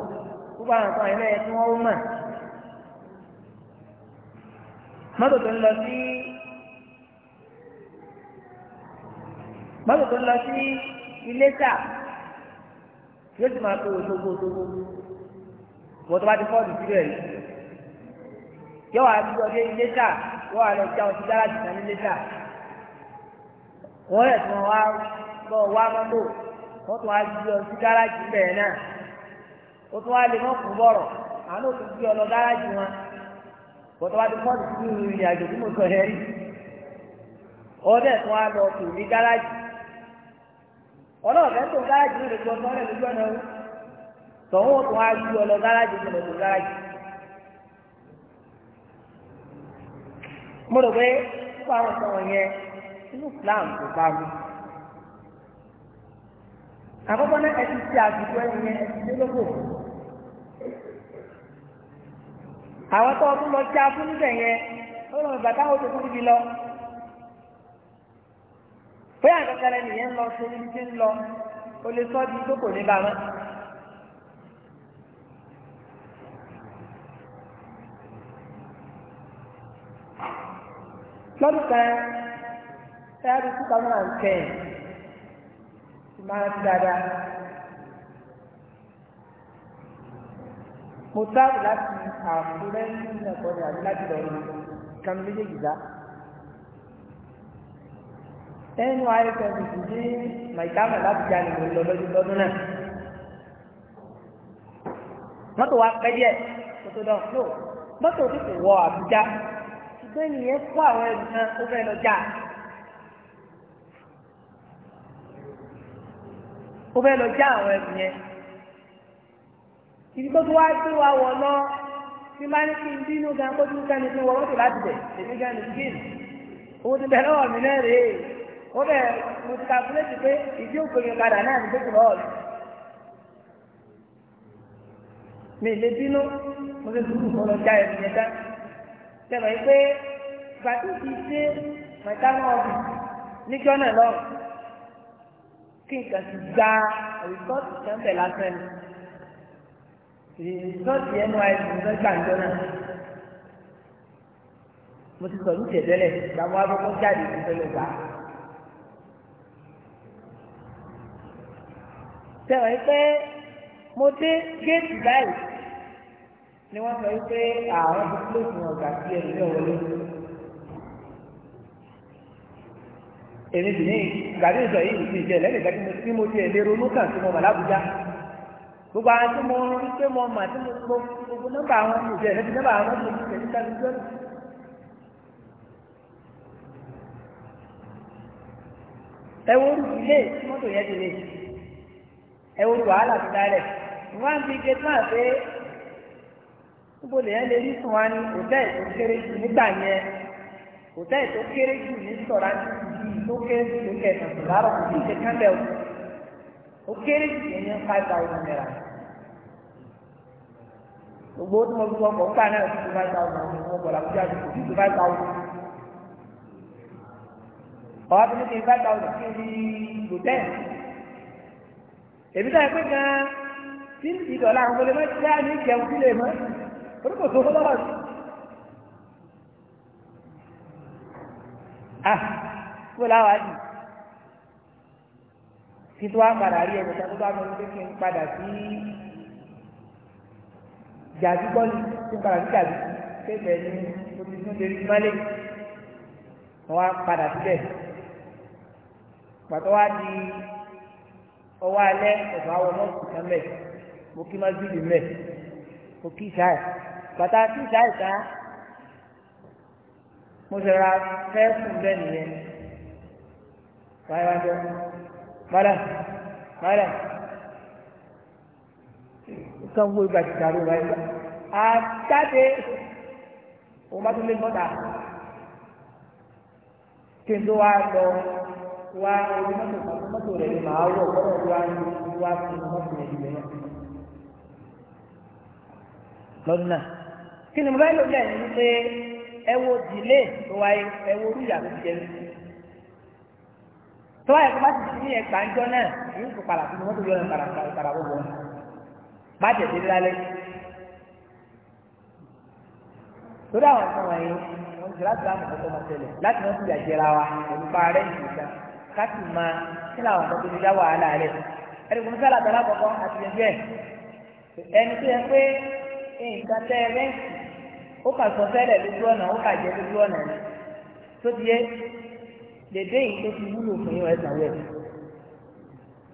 gbogbo àwọn nǹkan ìlú ẹ̀ tí wọ́n ó mọ̀ mọ́tò tó ń lọ sí mọ́tò tó ń lọ sí Iléṣà yóò ti máa tó Òṣogbo Òṣogbo wọ́n tó bá ti fọ́ọ̀dù sílẹ̀ rí yóò wá gbọ́ dé Iléṣà yóò wá lọ jáwọ́ sí gáràjì kan ní Iléṣà wọ́n rẹ̀ tí wọ́n wá bọ́ wá mọ́tò wọ́n tó wá gbọ́ sí gáràjì bẹ́ẹ̀ náà. ó tún wá lè mọ́ kú bọ̀rọ̀ àánú garaji gbé ọlọ gáràjì wọn kò tó wá ti pọ́ọ̀tù sí ìrìn àjò tí mo sọ yẹn rí ọdẹ tún wá lọ kù ní gáràjì ọlọ́ọ̀fẹ́ tó gáràjì ló lè gbọ́ lójú ọ̀nà ọ̀hún tọ̀hún tún wá gbé ọlọ gáràjì tó lọ gáràjì. mo rò pé fún àwọn wọ̀nyẹn inú Islam kò bá mi. àkọ́kọ́ náà ẹtì ti àsìkò ẹ̀yìn yẹn ẹtì délógò àwọn tó ọdún lọ sí afún níbẹ̀ yẹn ó lọ bàtà ó tó tóbi lọ bóyá àkọkẹrẹ nìyẹn ń lọ sí ibi tí ń lọ o lè sọ di tó kò ní bàmá. lọ́dún kan ṣáà di two thousand and ten. máa ń dáadáa. mo táàbù láti àkúrẹ́ nínú ẹ̀kọ́ ni àbí láti lọ rí kánú méjèèjì dá. ẹnu àìsàn tuntun dé màìkámà láti jáde lọ lọ́dún lọ́dún náà. mọ́tò wa pẹ́ díẹ̀ kó tó dán lò mọ́tò tètè wọ Àbújá ṣùgbọ́n ènìyàn fún àwọn ẹ̀rù kan ó fẹ́ lọ jà á. ó fẹ́ lọ já àwọn ẹrù yẹn ibi tó tó wá gbé wa wọ̀ lọ tí máa ní kí n bínú gan kó tún sẹ́ni tí wọ́n tó láti bẹ̀ èmi gan ní gíìn owó ti bẹ̀ lọ́wọ́ mi náà rèé ó bẹ̀ mo ti kàkúrẹ́tì pé ìdí òkèèrè padà náà ní gbèsè lọ́wọ́ mi. mi lè bínú mo ti dúró mo lọ já ẹrù yẹn dá tẹ̀wọ̀ yìí pé gbàtí ti ṣe mẹ̀tánọ́ọ̀bì níjọ́ náà lọ́rùn kí nǹkan ti gba rìsọ́ọ̀tì kan lásán ni rìsọ́ọ̀tì NYS ní gbàǹjọ́ náà mo ti sọ ní tẹ̀tẹ̀lẹ̀ ìgbàmọ́ akọ́kọ́ jáde ní tẹ̀lẹ̀ gbà. sẹ́wọ̀n yìí pé mo dé géètì báyìí ni wọ́n sọ wípé àwọn tó kúlóòtù wọn gbà sí ẹ̀rọ ìwọlé. èmi sì ní gàdí ìsọ yìí ti jẹ lẹ́nu ìgbà tí mo ti ẹ̀lẹ́ ronú kàn sí mo mà lábújá gbogbo àwọn tí mo rí pé mo mà tí mo gbọ́ gbogbo nọ́mbà àwọn mi jẹ lẹ́bi nọ́mbà àwọn mi jẹ níta ní jọ́nù. ẹ wo orú ilé mọ́tò yẹn ti lè ẹ wo orú wàhálà ti dálẹ̀ wọ́n á fi gẹ́tọ́ àpé gbogbo lèyàn lè rí sùn wá ní hòtẹ́ẹ̀lì tó kéré jù nígbà yẹn hòtẹ́ẹ̀lì tó kéré jù ní sọ̀rọ̀ àti bíi lókè lókè nàìjíríà kò sí kankan bẹ́ẹ̀ o ó kéré jù ní five thousand naira gbogbo tí mo fi sọ fún káà náà fifty five thousand ní wọn gbọ́dọ̀ àbújá ju fifty five thousand ọ̀hún àti fifty five thousand kí ni lòtẹ́ èmi náà pé gan tí ìdọ̀lá àwọn ọmọdé máa ń ní ìjẹun sílẹ̀ mọ́ orúkọ tó fọlọ́rọ̀ kó láwàá dì kí tó wá padà rí ẹ̀rọ tó bá mọ̀ pé kí n padà sí jàdí bọ́ọ̀lù tó padà sí jàdí kébẹ̀ ní omi tó lè rí mọ́lẹ̀ wọ́n wá padà síbẹ̀ pàtó wá di ọwọ́ alẹ́ ẹ̀fọ́ àwọn mọ́ọ̀sì kan mẹ́ mo kí má bíbí mẹ́ mo kí ìṣáì bàtà kí ìṣáì ká mo ṣe ra fún bẹ́ẹ̀ nìyẹn wáyé wájú mọ́lá mọ́lá nǹkan wo ìgbà tìta ló wáyé wá àtàdé òun bá tún lé mọ́tà kí n tó wá lọ wá orí mọ́tò kan mọ́tò rẹ̀ ni màá wọ̀ kọ́nà tó wá ní wá sí mọ́tò rẹ̀ ìgbẹ́ náà lọ́dún náà kí ni mo fẹ́ lò lẹ́yìn wípé ẹ wo dìlé tó wáyé ẹ wo orí ìyàtọ̀ jẹ́ mi tọ́wọ́ ẹ̀kọ́ bá ti ti ní ẹ̀ka ń jọ náà yóò tó padà sí mọ́tò yọ̀ọ́ ìpàdà bó wọ́n má tẹ̀sí lálẹ́. torí àwọn ọ̀sán wọ̀nyí wọ́n ti láti láti ọ̀sán máa tẹ̀lé láti wọ́n ti yà jẹra wa pẹ̀lú pa rẹ̀ ìgbésà káàtì máa kí làwọn ọ̀sán tó ti dá wàhálà rẹ̀ ẹni kò ní sálà tó alákọ̀ọ́kọ́ àti ẹgbẹ́ ẹni tó yẹ pé nǹkan tẹ́ rẹ́ǹtì ó kà sọ fẹ́lẹ̀ lójú ọ̀nà ó kà jẹ́ lójú ọ̀nà tó ti yé dèdè yìí tó ti wúlò fún yín ẹ̀sán wẹ̀.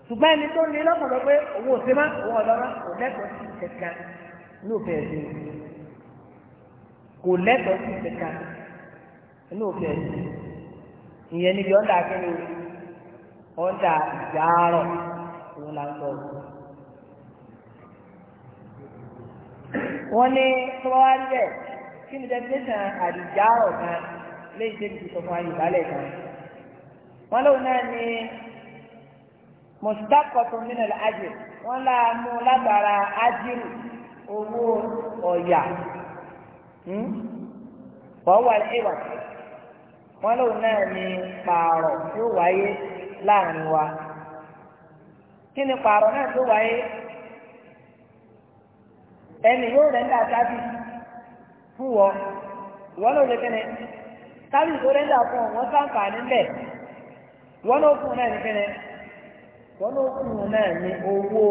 ṣùgbọ́n ẹni tó ní lọ́kọ̀ọ́ pé owó òsè má owó ọ̀dọ́rọ́ kò lẹ́tọ̀ọ́ sí ìṣẹ̀ka ní òfin ẹ̀sìn kò lẹ́tọ̀ọ́ sí ìṣẹ̀ka ní òfin ẹ̀sìn ìyẹn níbi ọ̀dà akẹ́lẹ́ ọ̀dà ìjárọ̀ òun là ń sọ. wọ́n ní tọ́wá bẹ́ẹ̀ kí ni definition àdìjárọ̀ kan léyìí tẹ́lifíṣọ̀ fún ayé ìbálẹ̀ kan wọ́n lóun náà ní mùsùlùmí nínú àjẹ wọ́n là mú lágbára ájírù owó ọ̀yà hmm? wọ́wọ́ ìwà wọ́n lóun náà ní pààrọ̀ yóò wáyé láàrin wa kí ni pààrọ̀ náà tó wáyé ẹni yóò rẹ̀ ń dà fún wọn ìwọ́n lóun lè kẹ́ni sábì tó rẹ̀ ń dà wọn sáǹfà níbẹ̀ wọn ló fún náà ní kíni wọn ló fún náà ní owó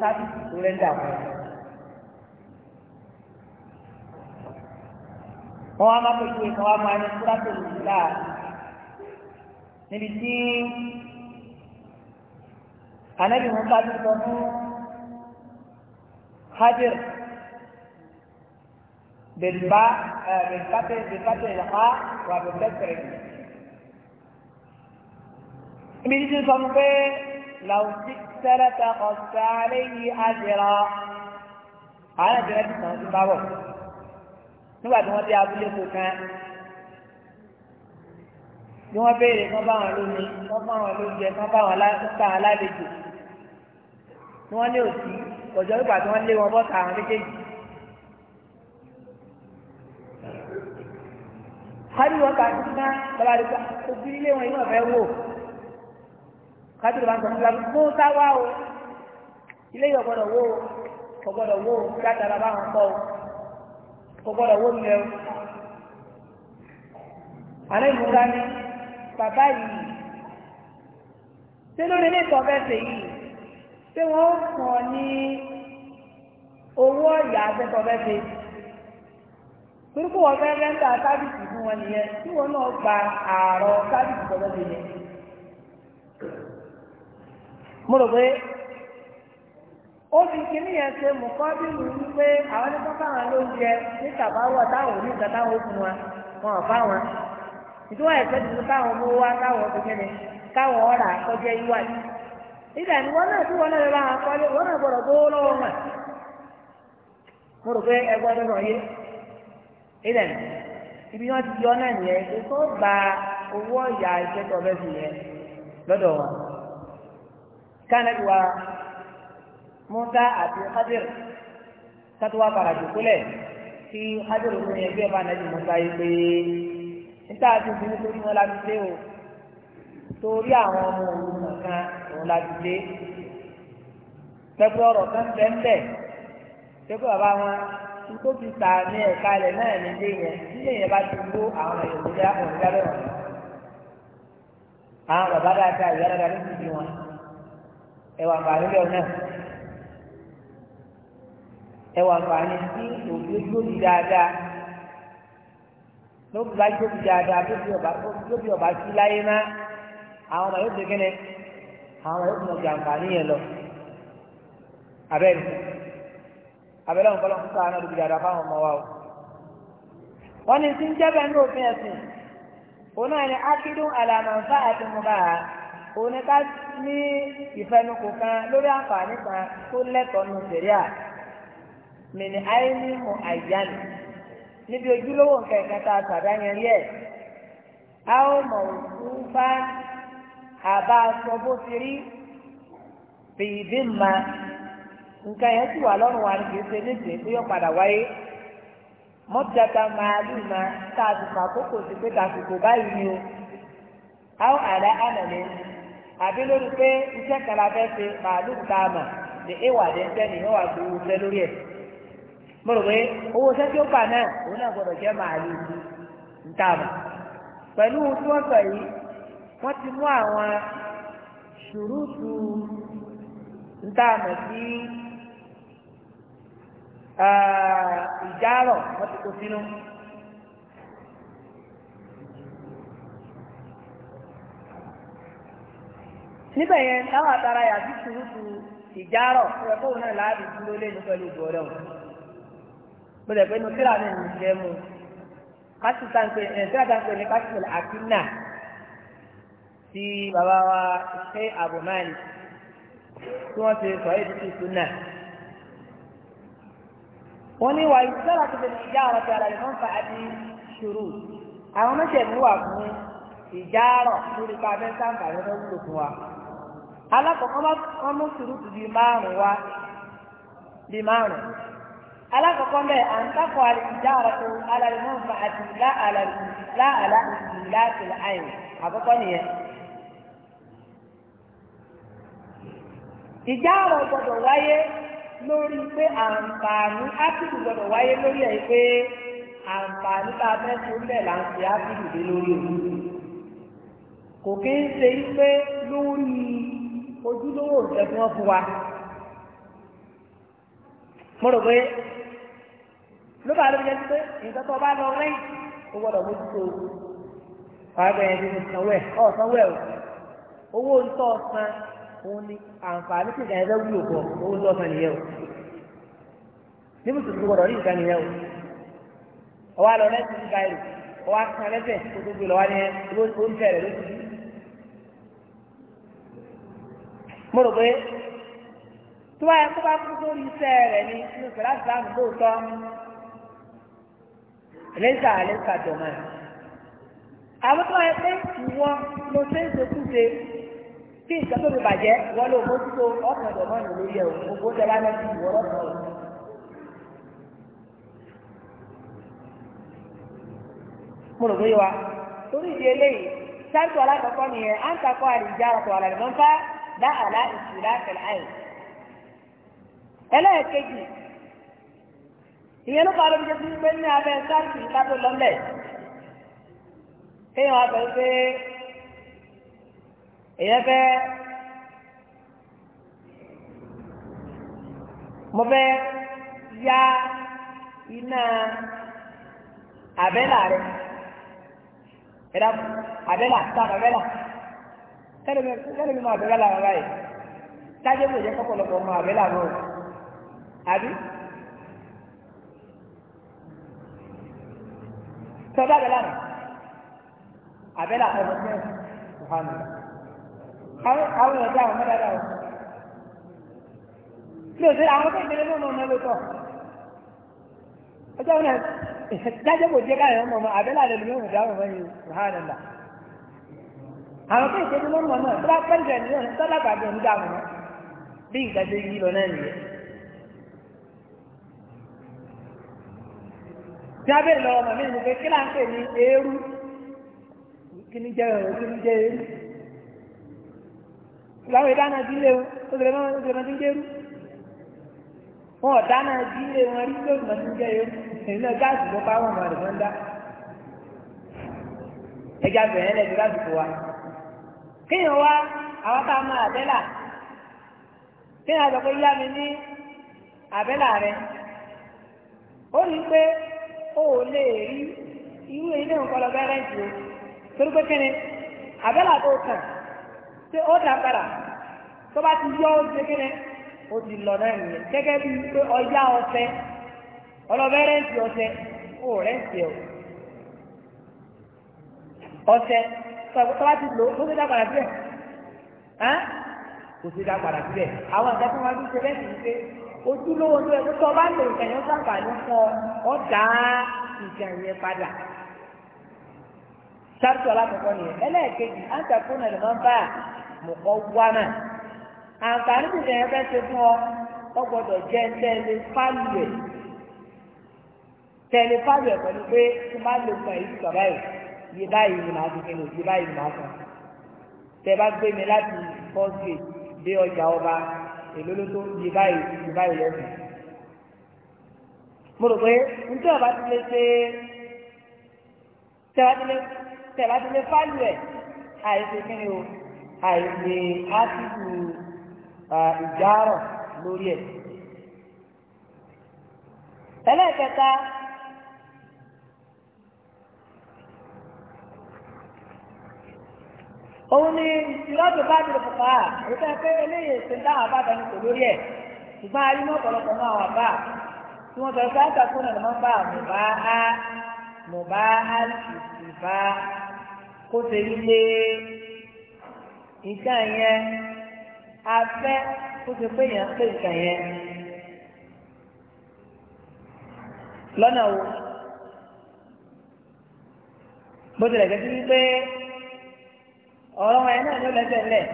sábìsì tó rẹ́ńdà fún un. wọn á má pèsè ìkan wá máa ní kúrátò nìlá níbi tí anabi musa ti sọ fún hadir bilba bilbate bilbate ilha wa bilbate rẹ ibi títí sọ fún pé làwùjí tẹ́lẹ̀ ta ọ̀sẹ̀ alẹ́ yìí á jẹra àwọn ìjọba ti sàn ti bá bọ̀ nígbà tí wọ́n dé abúlé kò kan bí wọ́n béèrè kán bá wọn lómi kán bá wọn lóúnjẹ kán bá wọn ta alálejò ni wọ́n ní òsì ọ̀jọ́ nígbà tí wọ́n lé wọn bọ́ta àwọn méjèèjì. kárí wọn kà sí ká bàbá rẹ kó bí ilé wọn yìí wọn fẹ́ wò kábírù bá ń sọ fún fúlàbí mú sáwá o ilé yìí ọ̀gbọ́dọ̀ wó o ọ̀gbọ́dọ̀ wó o látara bá wọn kọ́ o ọ̀gbọ́dọ̀ wó mi o. àná ìmúra ni bàbá yìí ṣé lórí ilé ìtọ́ fẹ́ fè yìí ṣé wọ́n fún ọ ní owó ọ̀yà afẹ́tọ́ fẹ́ fè torí kó wọ́n fẹ́ rẹ́ńtà sábìsì fún wọn nìyẹn tí wọ́n náà gba àárọ̀ sábìsì tọ́lọ́dẹ yẹn. mo o ó fi kíní yẹn ṣe mùkọ́bílù pé àwọn nípa káwọn ló ń jẹ ní tàbáwọ̀ táwọn ò ìgbà táwọn ó wa wọn ò fáwọn ìdúrà ẹ̀fẹ́ tuntun káwọn mú wá káwọn ó fi káwọn ọ̀rà kọjá ìgbà ni wọn náà tí wọn náà bá wọn kọ́lé wọn náà gbọdọ̀ lọ́wọ́ wọn yé ibi wọn ti yọ náà nìyẹn owó kánẹ́bí wa Musa àti Hadir kátó wá padà dùkúlẹ̀ tí Hadir fún yẹn bí ẹ bá nẹ́bí Musa yìí pé níta àti ìdílé torí wọn la ti dé o torí àwọn ọmọ òun nìkan òun la ti dé pẹ́pẹ́ ọ̀rọ̀ kan bẹ́ẹ̀ pẹ́pẹ́ bàbá wọn tó ti ta ní ẹ̀ka rẹ̀ náà nílé yẹn nílé yẹn bá ti gbó àwọn èèyàn nílé àwọn àwọn bàbá dáadáa ìyá dáadáa ti di wọn ẹwà àǹfààní bẹ́ẹ̀ náà ẹwà àǹfààní sí òbí lóbi dáadáa lóbi bá lóbi dáadáa lóbi ọba sí láyé náà àwọn ọmọ yóò ṣe kíni àwọn ọmọ yóò tún ọjà àǹfààní yẹn lọ abẹ́rẹ́ abẹ́rẹ́ òǹkọ́lọ́ ń ká náà lóbi dáadáa fáwọn ọmọ wa o wọ́n ní sí ń jẹ́ bẹ́ẹ̀ ní òfin ẹ̀sìn òun náà ni ákídùn àlàmàǹfà àti mùbáà òun ni ká ní ìfẹnukò kan lórí àǹfààní kan tó lẹ́tọ̀ọ́ nù sẹ̀ríà mìíní àìní mu àìyáni níbi ojúlówó nǹkan ìkẹta tàbí yẹn rí a ó mọ̀ òkú bá àbá aṣọ bó ti rí fìdí ma nǹkan yẹn sì wà lọ́rùn wa ni kì í ṣe níṣẹ́ tó yọ padà wáyé mọ́tìjàta máa lù ma tá a ti fà kókò sí pé tàfikò báyìí ni o a ó àdá ànàlẹ́ àbí lórí pé iṣẹ́ kan la fẹ́ ṣe màálù tá a mà ní ìwà dẹ́sẹ́ ni yóò wà gbowó fẹ́ lórí ẹ̀ mo rò pé owó iṣẹ́ tí ó gbà náà òun náà gbọdọ̀ jẹ́ màálù tá a mà pẹ̀lú tí wọ́n sọ yìí wọ́n ti mú àwọn ṣùrùtù tá sí ìjárọ̀ wọ́n ti kó sínú. níbẹ̀ yẹn táwọn àtàrà yàtí tuurutu ìjárọ̀ ẹ̀ fóun náà láàbì dúró lẹ́nu pẹ̀lú gbọ́dọ̀ mo lẹ̀ pé inú kíra mi ń jẹ́ mu kásì táǹpẹ̀ ẹ̀ kíra táǹpẹ̀ ní kásì pẹ̀lú àkínà tí bàbá wa ṣe àbùmáàlì tí wọ́n ti sọ èdè tuntun náà. wọ́n ní wàá ìṣẹ́ra tó bẹ̀rẹ̀ ìjà ọ̀rọ̀ ti àlàyé wọn fa ṣòro àwọn mẹ́sẹ̀ mi wà fún ìjà ọ̀rọ̀ lórí pa abẹ́ lọ́dọ̀ wúlò fún wa alákọ̀ọ́kọ́ wọn mú sùúrùtù bíi márùn wá bíi márùn alákọ̀ọ́kọ́ bẹ́ẹ̀ à ń takọ̀ àlìjá ọ̀rọ̀ tó alàlùmọ́ fún àti láàlá ìlàkìlà àyìn àkọ́kọ́ nìyẹn. ìjà ọ̀rọ̀ gbọ́dọ̀ wáyé lórí pé àǹfààní ápìlù gbọ́dọ̀ wáyé lórí ẹ̀ pé àǹfààní bá mẹ́sàn-án ń bẹ̀ là ń fi ápìlù dé lórí òun kò kí ń ṣe pé lórí ojúlówó nǹkan tí fún wa mo rò pé ló bá lóbi pé nǹkan tó bá lọ rẹ́yìn ó gbọ́dọ̀ mójútó ọ̀rẹ́bẹ̀ yẹn ti ní sanwó ẹ̀ ọ̀ sanwó ẹ̀ o owó ń san òun ni àǹfààní tí ìdáyẹ̀dẹ́ wúlò pọ̀ owó ń san nìyẹn o ní mùsùlùmí gbọ́dọ̀ rí nǹkan nìyẹn o ọwọ́ àlọ́ lẹ́sìn ọwọ́ tó tó gbé lọ́wọ́ ni ló ń lóṣù yìí. mo rò pé tó bá yẹ kó bá kú sórí iṣẹ́ rẹ̀ ni inú sọ̀rọ̀ àti láàmú lóòótọ́ ẹlẹ́sà ẹlẹ́sà jọ̀mọ́ ẹ̀. àwọn tó bá yẹ pé ìwọ ló ṣe é ṣokúṣe kí nǹkan tó fi bàjẹ́ wọ́n ló mójútó ọkàn jọ̀mọ́ ẹ̀ ló yẹ o gbogbo tẹ bá lọ sí ìwọ lọ́sàn-án o. mo rò pé wa torí ìdí eléyìí sáàtù alákọ̀ọ́kọ́ nìyẹn à ń takọ̀ àrìjára tó àlàyé mọ́ ń fẹ́ láàlá ìṣúra fẹ̀láì. ẹlẹ́ẹ̀kejì ìyẹn ló parí oúnjẹ fún pé ní abẹ́ sáàtì ìtàkùn lọ́lẹ̀ kéèyàn wá bẹ̀rẹ̀ pé èyàn fẹ́ mo fẹ́ ya iná abẹ́là rẹ̀ abẹ́là sáà abẹ́là lẹ́nu mi máa bẹ̀rẹ̀ làwọn báyìí tájé mi ò jẹ́ kọ́pọ̀lọpọ̀ máa bẹ̀rẹ̀ làwọn o àbí. sọdọ abẹ́là nù abẹ́là ọmọ tẹ́ ọ̀hánù àwọn àwọn ọ̀dọ́ àwọn mẹ́ta dáwọ̀ tí o ṣe àwọn tó ìgbélé náà ọmọ ẹlòtọ̀ ọjọ́ náà dájọ́ <laughs> kò jẹ́ káyọ̀ ọmọ abẹ́là lẹ́nu yóò dáwọ̀ mọ́ àwọn tó ìṣe ní mọ́nùmọ́ náà tó bá ní ọ̀nà tó lágbàdo ń dà wọ́n bí nǹkan yí lọ náà nìyẹn. tí a bẹ̀rẹ̀ lọ́wọ́ màmí ìmùkẹ́ kí láà ń pè ní eérú kí ní jẹ́ ọ̀rọ̀ kí ní jẹ́ eérú. láwọn ìdáná ti lé wọn ó ti lè máa ń ti ń jẹ́ eérú. wọn ò dáná ti lé wọn rí tó ìmọ̀ ti ń jẹ́ eérú èyí náà gáàsì ló bá wọn mọ̀ àdìgbọ́n dá. ẹja bẹ̀rẹ̀ lẹ́gbẹ̀ẹ́ kéèyàn wá àwọn tá a mọ àbẹ́là kéèyàn àjọ pé yá mi ní àbẹ́là rẹ ó ní pé ó lè rí irú ilé nǹkan lọ bẹ́ẹ̀ rẹ̀ jù ó torí pé kíni àbẹ́là tó kàn tí ó dà padà tó bá ti yọ ó ṣe kíni ó ti lọ náà nìyẹn gẹ́gẹ́ bí pé ọjà ọ̀sẹ̀ ọlọ́bẹ̀ rẹ̀ jù ọ̀sẹ̀ ó rẹ̀ jù ọ̀sẹ̀ tọ́lá ti lò ó ṣe dá padà síbẹ̀ kò ṣe dá padà síbẹ̀ àwọn ìgbà tí wọ́n ti ṣe bẹ́ẹ̀ sì ń pé ojúlówó tó yẹ kó tọ́ bá lè ìkànnì ó sàǹfààní fún ọ ọ dá ìkànnì yẹn padà sáàtù alákọ̀ọ́kọ́ nìyẹn ẹlẹ́ẹ̀kejì àǹtàkùn náà lọ́n bá mọ̀kọ́ wá náà àǹfààní tó yẹ fẹ́ ṣe fún ọ ọ gbọ́dọ̀ jẹ́ tẹ́lẹ̀ ẹ̀ tẹ́lẹ̀ ẹ̀ pẹ̀lú pé yé báyìí ni màá fi kí ni yé báyìí ni màá sàn tẹ bá gbé mi láti first gate dé ọjà ọba èló ló tó yé báyìí yé báyìí lẹ́sìn. mo rò pé n tí ọba ti lè ṣe tẹ̀lá ti lè fáìlì ẹ̀ àìsè kí ni o àìsè ásìkò ìjárọ̀ lórí ẹ̀. ẹlẹ́ẹ̀kẹta. òun ni ìlọ́dún bá dìrò fòfà á ètò ẹgbẹ́ eléyìí èsì ń dáhùn àbáta ní kò lórí ẹ̀ ṣùgbọ́n a rí mọ́ ọ̀pọ̀lọpọ̀ náà wà bá tí wọ́n sọ pé àgbà fún ọ̀nà mọ́bà mùbá á mùbá á sì bá kó ṣe rí lé nǹkan yẹn afẹ́ kó ṣe pé èèyàn pé nǹkan yẹn lọ́nà wo bó tilẹ̀ gẹ́gẹ́ bí pé. ọ̀rọ̀ ẹ̀ náà ló lẹ́sẹ̀ lẹ̀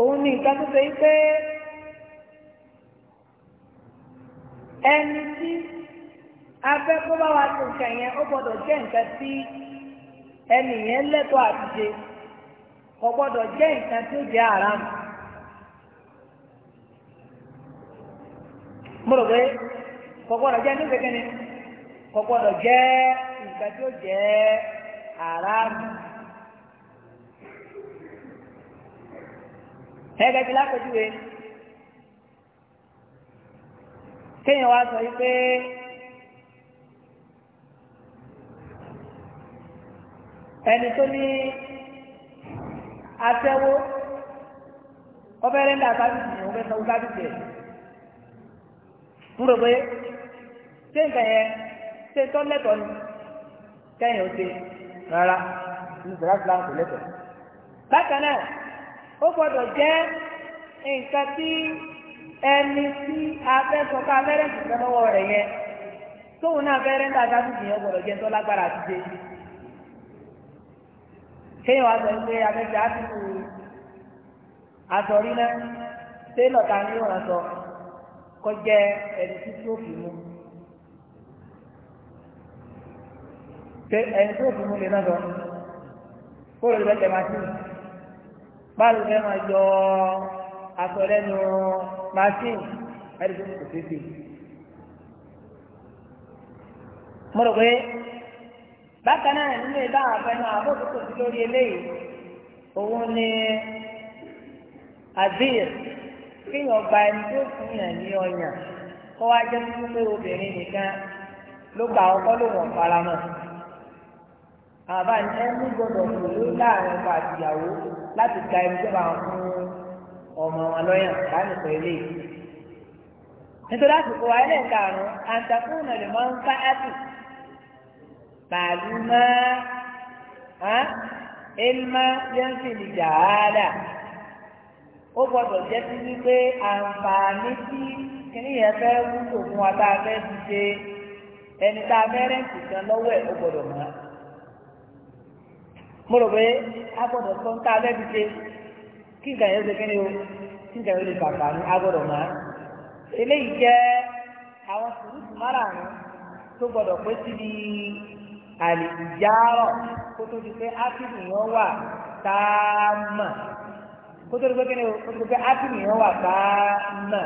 òun ni nǹkan tó ṣe pé ẹni tí a fẹ́ kó bá wa tó nǹkan yẹn ó gbọ́dọ̀ jẹ́ nǹkan tí ẹni yẹn lẹ́tọ̀ọ́ àtijé kò gbọ́dọ̀ jẹ́ nǹkan tó jẹ́ àràmù. mo àràbù. ẹgbẹ́ ti lápẹ̀júwe kéèyàn wá sọ yí pé ẹni tó ní aṣẹ́wó ọbẹ̀rẹ̀ ń dà sábìsì ní ọbẹ̀ sanwó sábìsì ẹ̀ ń rò pé ṣé nǹkan yẹn ṣe tọ́lẹ̀tọ̀ ni kẹ́yìn ó ṣe rárá ní sọ̀rọ̀ islam kò lẹ́tọ̀ọ́. bákan náà ó gbọ́dọ̀ jẹ́ nǹkan tí ẹni tí afẹ́sọ̀kọ́ abẹ́rẹ́ǹtì fẹ́ lọ́wọ́ rẹ̀ yẹn tóun náà fẹ́rẹ́ ń dáadáa tó jìyàn gbọ́dọ̀ jẹ́ tó lágbára àti dé. kéèyàn wá sọ pé abẹ́sẹ̀ á ti kú aṣọ náà tẹ́lọ̀ ta ni yóò rán sọ kọjá ẹni tí tí fi mú. pé ẹni tó fi mú lè náà lọ kó lè lọ́tẹ̀ machine báàlù fẹ́ máa yọ aṣọ lẹ́nu machine ẹni tó kò sí sí. mo rò pé bákan náà nínú ìdá àfẹnú àbókòtò sí lórí eléyìí òun ni àdéhìí kéèyàn gba ẹni tó fún ní ọyàn kó wá jẹ́ pé obìnrin nìkan ló gbà ọkọ́ lòun ọ̀pá ara àbá ẹni gbọ́dọ̀ pẹ̀lú láàrin ọkọ àtìyàwó láti ka ẹni tó bá wọn fún ọmọ wọn lọ́yàn lánìkọ̀ ilé yìí. nítorí àsìkò ẹlẹ́ẹ̀karùn-ún àǹtakùnà lè máa ń ká àtì pàlú máa ẹnma yẹnsi ní jàhálà ó gbọ́dọ̀ jẹ́ sí wípé àǹfààní tí kìnìyàn fẹ́ wúlò fún wa tá a fẹ́ ti ṣe ẹni tá a fẹ́ kan lọ́wọ́ ẹ̀ ó gbọ́dọ̀ máa. mo pé a sọ ń ká abẹ́ ṣe kí nǹkan yẹn ṣe kí ni o kí nǹkan yẹn lè bàbà ní a máa eléyìí jẹ́ àwọn sùúrù márààrún tó gbọ́dọ̀ pé síbi àlìjáàrọ̀ kó tó di pé ápìlì yẹn wà táàmà kó tó pé kí ni o kó tó di pé ápìlì yẹn wà táàmà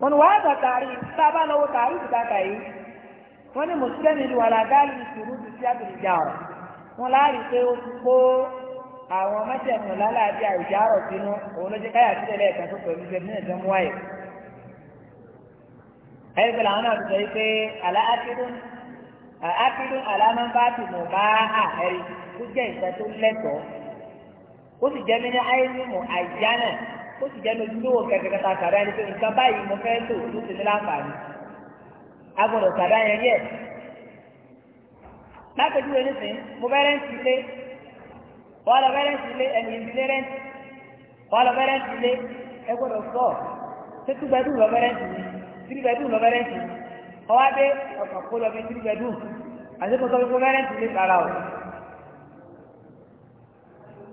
wọn wá àgbà tààrí lọ́wọ́ tààrí yìí. wọ́n ní mùsùlùmí ni wàrà dáàlì ìṣòro ti sí àbìrìjà ọ̀rọ̀ wọn láàrí pé ó ti kó àwọn mẹ́tẹ̀ẹ̀mù lálàáfíà ìjà ọ̀rọ̀ sínú òun ló jẹ́ káyà sílẹ̀ lẹ́ẹ̀kan tó pẹ̀lú ìṣẹ́ ní ìjọmú wáyé. ẹ̀rí pẹ̀lú àwọn náà ti sọ yìí pé àlá ákídún ákídún àlámọ́bátì mọ̀ bá àhẹ́rì tó jẹ́ ìgbà tó lẹ́tọ̀ọ́ ó sì jẹ́ nínú àìsímù àìjánà ó sì jẹ́ nínú ojúlówó kẹ̀kẹ́ kẹta tàbí ẹni pé nǹkan báyìí mo fẹ́ lò ló ti ní agbọ́dọ̀ tàbí ayẹyẹ yẹ lápẹjúwe nísìnyí mo bẹ rẹǹtì ilé wọn lọ bẹ rẹǹtì ilé ẹnì ìdílé rẹǹtì wọn lọ bẹ rẹǹtì ilé ẹ gbọ́dọ̀ sọ títí bẹdùn lọ bẹ rẹǹtì mi títí bẹdùn lọ bẹ rẹǹtì mi adé ọkàn kó lọ bẹ títí bẹdùn àti kótó bí mo bẹ rẹǹtì o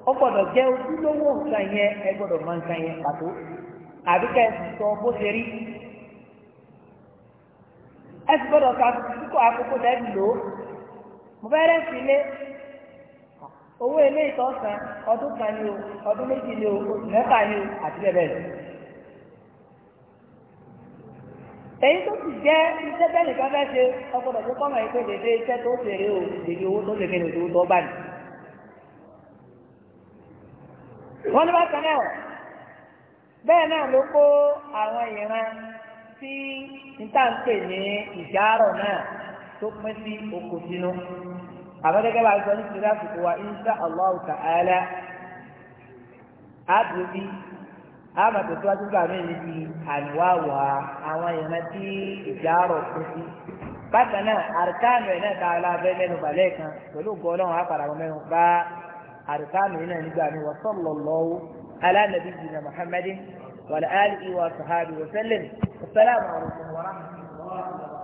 ó gbọ́dọ̀ jẹ ojúlówó nǹkan yẹn ẹ gbọ́dọ̀ nǹkan yẹn pàtó àbíkẹ́ sọ bó ṣe rí. ẹ ti gbọ́dọ̀ ka kíkọ́ àkókò dẹ́bi lò ó mo fẹ́ rẹ́ ilé owó ilé ìtọ́sán ọdún kan ni o ọdún méjì o oṣù mẹ́fà o àti bẹ́ẹ̀ bẹ́ẹ̀ èyí tó ti jẹ́ iṣẹ́ bẹ́ẹ̀ nìkan fẹ́ ṣe ọgbọ́dọ̀ tó kọ́mọ̀ yìí pé dèdè iṣẹ́ tó o dèdè owó tó fèrè o tó bá ní. wọ́n ní tí níta ń pè ní na náà tó pín sí oko sínú àmọ́ bá nítorí àsìkò wa insha allah ta'ala àdùbí àmàtò tó wájú gbà mí níbi àníwáwá àwọn tí pín sí bákan náà ẹ̀ náà ta mẹ́nu kan pẹ̀lú mẹ́nu bá yìí náà nígbà mi wà ala nabiyyina muhammadin. وعلى آله وصحابه وسلم والسلام عليكم ورحمة الله وبركاته